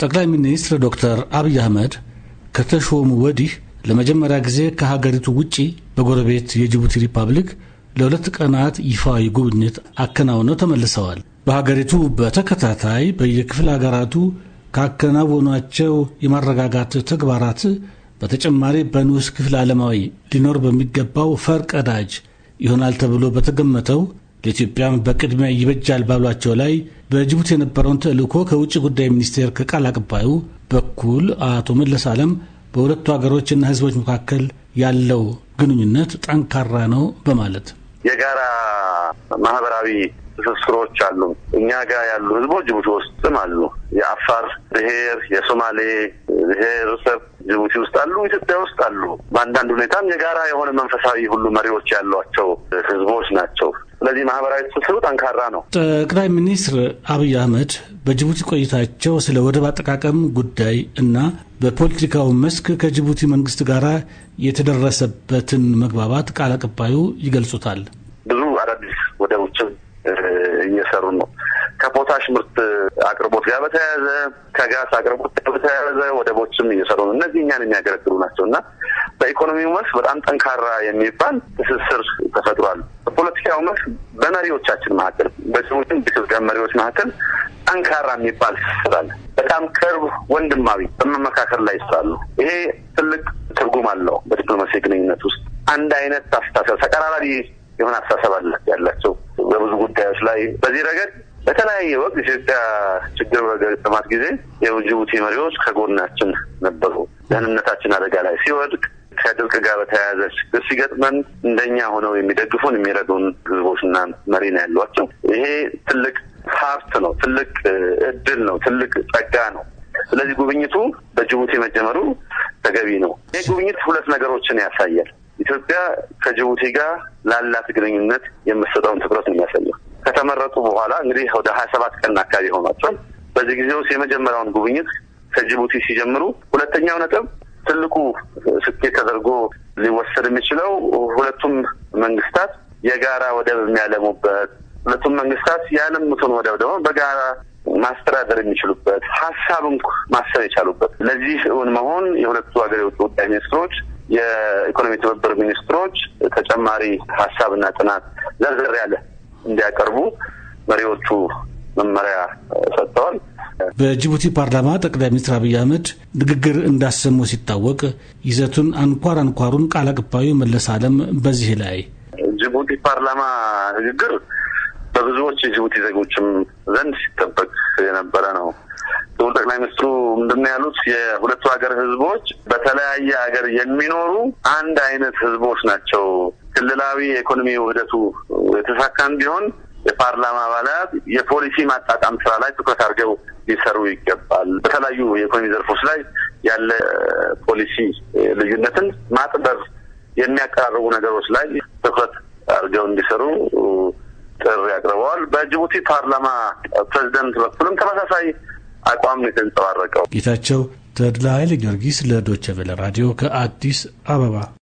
ጠቅላይ ሚኒስትር ዶክተር አብይ አህመድ ከተሾሙ ወዲህ ለመጀመሪያ ጊዜ ከሀገሪቱ ውጪ በጎረቤት የጅቡቲ ሪፐብሊክ ለሁለት ቀናት ይፋዊ ጉብኝት አከናውነው ተመልሰዋል። በሀገሪቱ በተከታታይ በየክፍለ ሀገራቱ ካከናወኗቸው የማረጋጋት ተግባራት በተጨማሪ በንዑስ ክፍል ዓለማዊ ሊኖር በሚገባው ፈርቀዳጅ ይሆናል ተብሎ በተገመተው ለኢትዮጵያም በቅድሚያ ይበጃል ባሏቸው ላይ በጅቡቲ የነበረውን ተልእኮ ከውጭ ጉዳይ ሚኒስቴር ከቃል አቀባዩ በኩል አቶ መለስ አለም በሁለቱ ሀገሮችና ህዝቦች መካከል ያለው ግንኙነት ጠንካራ ነው በማለት የጋራ ማህበራዊ ትስስሮች አሉ። እኛ ጋር ያሉ ህዝቦች ጅቡቲ ውስጥም አሉ። የአፋር ብሔር፣ የሶማሌ ብሔር ሰብ ጅቡቲ ውስጥ አሉ፣ ኢትዮጵያ ውስጥ አሉ። በአንዳንድ ሁኔታም የጋራ የሆነ መንፈሳዊ ሁሉ መሪዎች ያሏቸው ህዝቦች ናቸው። ስለዚህ ማህበራዊ ትስስሩ ጠንካራ ነው። ጠቅላይ ሚኒስትር አብይ አህመድ በጅቡቲ ቆይታቸው ስለ ወደብ አጠቃቀም ጉዳይ እና በፖለቲካው መስክ ከጅቡቲ መንግስት ጋር የተደረሰበትን መግባባት ቃል አቀባዩ ይገልጹታል። ብዙ አዳዲስ ወደቦችም እየሰሩ ነው። ከፖታሽ ምርት አቅርቦት ጋር በተያያዘ ከጋስ አቅርቦት ጋር በተያያዘ ወደቦችም እየሰሩ ነው። እነዚህ እኛን የሚያገለግሉ ናቸው እና በኢኮኖሚው መስክ በጣም ጠንካራ የሚባል ትስስር ተፈጥሯል። በፖለቲካው መስክ በመሪዎቻችን መካከል በሰዎችም በኢትዮጵያ መሪዎች መካከል ጠንካራ የሚባል ትስስር በጣም ቅርብ ወንድማዊ በመመካከል ላይ ይስራሉ። ይሄ ትልቅ ትርጉም አለው። በዲፕሎማሲ ግንኙነት ውስጥ አንድ አይነት አስተሳሰብ፣ ተቀራራቢ የሆነ አስተሳሰብ አለ ያላቸው በብዙ ጉዳዮች ላይ በዚህ ረገድ በተለያየ ወቅት ኢትዮጵያ ችግር በገጠማት ጊዜ የጅቡቲ መሪዎች ከጎናችን ነበሩ። ደህንነታችን አደጋ ላይ ሲወድቅ ከኢትዮጵያ ድርቅ ጋር በተያያዘ ችግር ሲገጥመን እንደኛ ሆነው የሚደግፉን የሚረዱን ህዝቦችና መሪ ነው ያሏቸው። ይሄ ትልቅ ሀብት ነው፣ ትልቅ እድል ነው፣ ትልቅ ጸጋ ነው። ስለዚህ ጉብኝቱ በጅቡቲ መጀመሩ ተገቢ ነው። ይህ ጉብኝት ሁለት ነገሮችን ያሳያል። ኢትዮጵያ ከጅቡቲ ጋር ላላት ግንኙነት የምትሰጠውን ትኩረት ነው የሚያሳየው። ከተመረጡ በኋላ እንግዲህ ወደ ሀያ ሰባት ቀን አካባቢ ሆኗቸዋል። በዚህ ጊዜ ውስጥ የመጀመሪያውን ጉብኝት ከጅቡቲ ሲጀምሩ፣ ሁለተኛው ነጥብ ትልቁ ስኬት ተደርጎ ሊወሰድ የሚችለው ሁለቱም መንግስታት የጋራ ወደብ የሚያለሙበት ሁለቱም መንግስታት ያለሙትን ወደብ ደግሞ በጋራ ማስተዳደር የሚችሉበት ሀሳብን ማሰብ የቻሉበት ለዚህ እውን መሆን የሁለቱ ሀገር የውጭ ጉዳይ ሚኒስትሮች የኢኮኖሚ ትብብር ሚኒስትሮች ተጨማሪ ሀሳብና ጥናት ዘርዘር ያለ እንዲያቀርቡ መሪዎቹ መመሪያ ሰጥተዋል። በጅቡቲ ፓርላማ ጠቅላይ ሚኒስትር አብይ አህመድ ንግግር እንዳሰሙ ሲታወቅ ይዘቱን አንኳር አንኳሩን ቃል አቀባዩ መለስ አለም በዚህ ላይ ጅቡቲ ፓርላማ ንግግር በብዙዎች የጅቡቲ ዜጎችም ዘንድ ሲጠበቅ የነበረ ነው። ክቡር ጠቅላይ ሚኒስትሩ ምንድነው ያሉት? የሁለቱ ሀገር ህዝቦች በተለያየ ሀገር የሚኖሩ አንድ አይነት ህዝቦች ናቸው። ክልላዊ የኢኮኖሚ ውህደቱ የተሳካ እንዲሆን የፓርላማ አባላት የፖሊሲ ማጣጣም ስራ ላይ ትኩረት አድርገው ሊሰሩ ይገባል። በተለያዩ የኢኮኖሚ ዘርፎች ላይ ያለ ፖሊሲ ልዩነትን ማጥበብ የሚያቀራርቡ ነገሮች ላይ ትኩረት አድርገው እንዲሰሩ ጥሪ አቅርበዋል። በጅቡቲ ፓርላማ ፕሬዚደንት በኩልም ተመሳሳይ አቋም ነው የተንጸባረቀው። ጌታቸው ተድላ ኃይለ ጊዮርጊስ ለዶቸቬለ ራዲዮ ከአዲስ አበባ